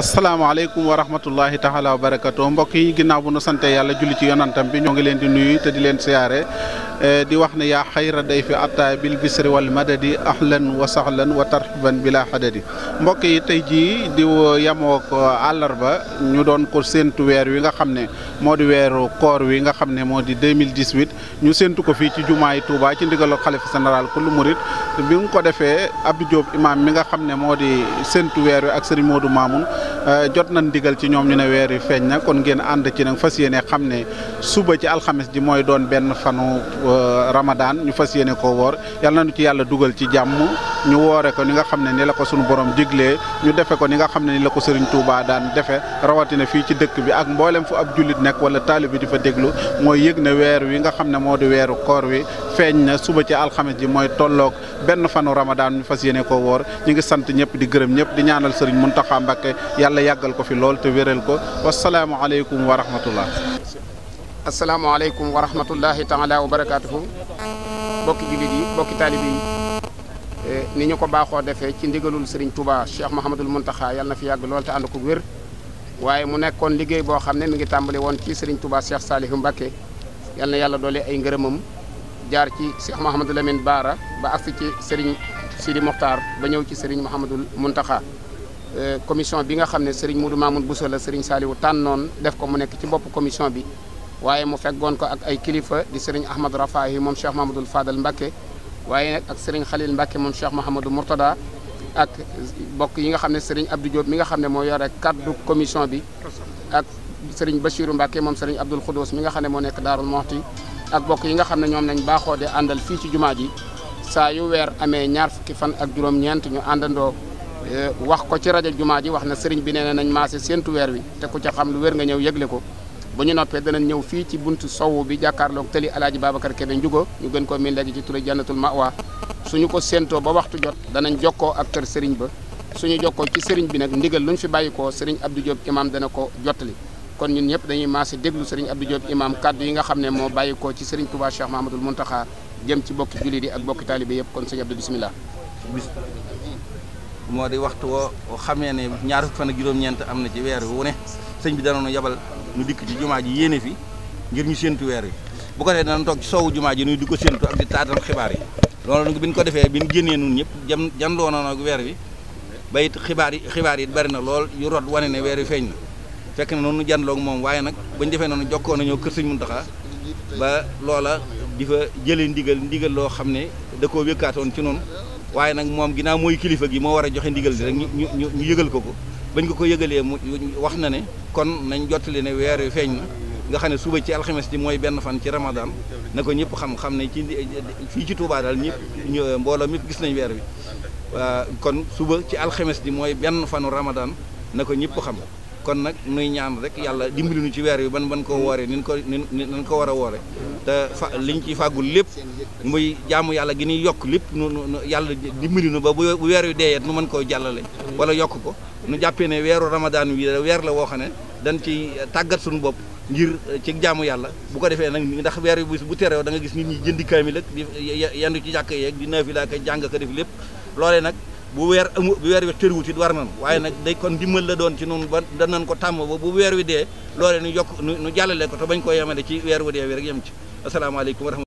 asalaamaaleykum wa rahmatullahi taala wa barakatu mbokk yi ginnaaw bu nu sante yàlla julli ci yonantam bi ñoo ngi leen di nuyu te di leen siyaare Eh, di wax ne yaa xayra day fi atta bil bisri wal madadi ahlan wa sahlan wa tarxiban bila xadadi mbokk yi tey jii di yamoo ko àllarba ñu doon ko séentu weer wi nga xam ne moo di weeru koor wi nga xam ne moo di 2018 ñu séntu ko fii ci jumaa jumaay Touba ci ndigalu xalifa général kullu murit bi nga ko defee Abdou Diop imam mi nga xam ne moo di séntu weer wi ak Serigne Modou Mamoun Euh, jot nañ ndigal ci ñoom ñu ne weer yu feeñ na kon ngeen ànd ci nag fas yéene xam ne suba ci alxames ji mooy doon benn fanu euh, Ramadan ñu fas yéene koo woor yàlla nañu ci yàlla dugal ci jàmm ñu woore ko ni nga xam ne ni la ko sunu borom diglee ñu defe ko ni nga xam ne ni la ko Serigne Touba daan defe rawatina fii ci dëkk bi ak mboolem fu ab jullit nekk wala taalibe bi di fa déglu mooy yëg ne weer wi nga xam ne moo di weeru koor wi feeñ na suba ci alxames ji mooy tolloog benn fanu ramadan ñu fas yéene koo woor ñu ngi sant ñëpp di gërëm ñëpp di ñaanal sëriñ Muntaxa Mbàkke yàlla yàggal ko fi lool te wéral ko wasalaamualeykum wa rahmatullah asalaamualeykum wa rahmatullahi taala wa barakaatuhu bokki jullit yi bokki taalibi yi eh, ni ñu ko baaxoo defee ci ndigalul Serigne Touba Cheikh Mouhamadul Mountakha yàlla na fi yàgg lool te ànd ko wér waaye mu nekkoon liggéey boo xam ne mi ngi tàmbali woon ci Serigne Touba Cheikh Salihu Mbacké yàlla yàlla doole ay ngërëmam jaar ci Cheikh Mouhamadou Lamine Baara ba agsi ci Serigne Sidi Mokhtar ba ñëw ci Serigne Mouhamadou Mountakha euh, commission bi nga xam ne Serigne Modou Mamoun Bousso la Serigne Saliou tànnoon def ko mu nekk ci bopp commission bi waaye mu feggoon ko ak ay kilifa di Serigne Ahmad Rafahi moom Cheikh Mouhamadoul Fadal Mbacké waaye nag ak Serigne Khalil Mbacké moom Cheikh Mouhamadou Mourtada ak bokk yi nga xam ne Serigne Abdou Diop mi nga xam ne moo yore kaddu commission bi ak Serigne Bachirou Mbacké moom Serigne Abdoul Khoudous mi nga xam ne moo nekk Darou Mouhty ak bokk yi nga xam ne ñoom nañ baaxoo de àndal fii ci jumaa ji saa yu weer amee ñaar fukki fan ak juróom-ñeent ñu àndandoo eh, wax ko ci rajo jumaa ji wax na sëriñ bi nee na nañ maase séentu weer wi te ku ca xam lu wér nga ñëw yëgle ko bu ñu noppee danañ ñëw fii ci bunt sowu bi jàkkaarloog tëli alaaji Babacar Kebe Njugo ñu gën koo miin léegi ci tura jannatul mawa suñu ko séentoo ba waxtu jot danañ jokkoo ak kër sëriñ ba suñu jokkoo ci sëriñ bi nag ndigal luñ fi bàyyikoo sëriñ Abdou Diop imam dana ko jottali kon ñun ñëpp dañuy maase déglu sëriñ Abdou Diop imam kaddu yi nga xam ne moo bàyyi ko ci sëriñ Touba Cheikh Mahamadul Muntaxa jëm ci bokki jullit yi ak bokki taalibe yëpp kon sëriñ Abdou bisimilah. moo di waxtu woo xamee ne ñaar fukki fan juróom-ñeent am na ci weer wu ne sëñ bi danoonu yabal ñu dikk ci jumaa ji yéene fi ngir ñu séntu weer wi bu ko defee danañ toog ci soowu jumaa ji nuy di ko séntu ak di taatam xibaar yi loolu nag bi ñu ko defee bi ñu génnee nun ñëpp jam jandoo weer wi bayit xibaar yi xibaar yi bari na lool yu wane ne weer feeñ na fekk na noonu jàndloog moom waaye nag bañ defee noonu jokkoo nañoo kër sëñ Muntaxa ba loola di fa jëlee ndigal ndigal loo xam ne da koo wékkaatoon ci noonu waaye nag moom ginnaaw mooy kilifa gi moo war a joxe ndigal di rek ñu ñu ñu yëgal ko ko bañ ko ko yëgalee mu wax na ne kon nañ jottali ne weer wi feeñ na nga xam ne suba ci alxames ji mooy benn fan ci ramadan na ko ñëpp xam xam ne ci fii ci Touba daal ñëpp mbooloo mi gis nañ weer wi kon suba ci alxames ji mooy benn fanu ramadan na ko ñëpp xam kon nag nuy ñaan rek yàlla dimbali nu ci weer bi ban ban koo wooree nin ko nin nan ko war a woore te fa liñ ci fàggul lépp muy jaamu yàlla gi ñuy yokk lépp nu yàlla dimbali nu ba bu weer wi deeyet nu mën koo jàllale wala yokk ko nu jàppee ne weeru ramadaan wi weer la woo xam ne dañ ci tàggat suñu bopp ngir ci jaamu yàlla bu ko defee nag ndax weer bi bu terew da nga gis nit ñi jëndi kaamil ak yendu ci jàkk yeeg di naafila ak jàng ko def lépp loolee nag bu weer amu bu weer wi tërwut it war nañu waaye nag day kon ndimbal la doon ci noonu ba danañ ko tàmm ba bu weer wi de loolee nu yokk nu jàllale ko to bañ koo yemale ci weer wu dee wi rek yem ci asalaamaaleykum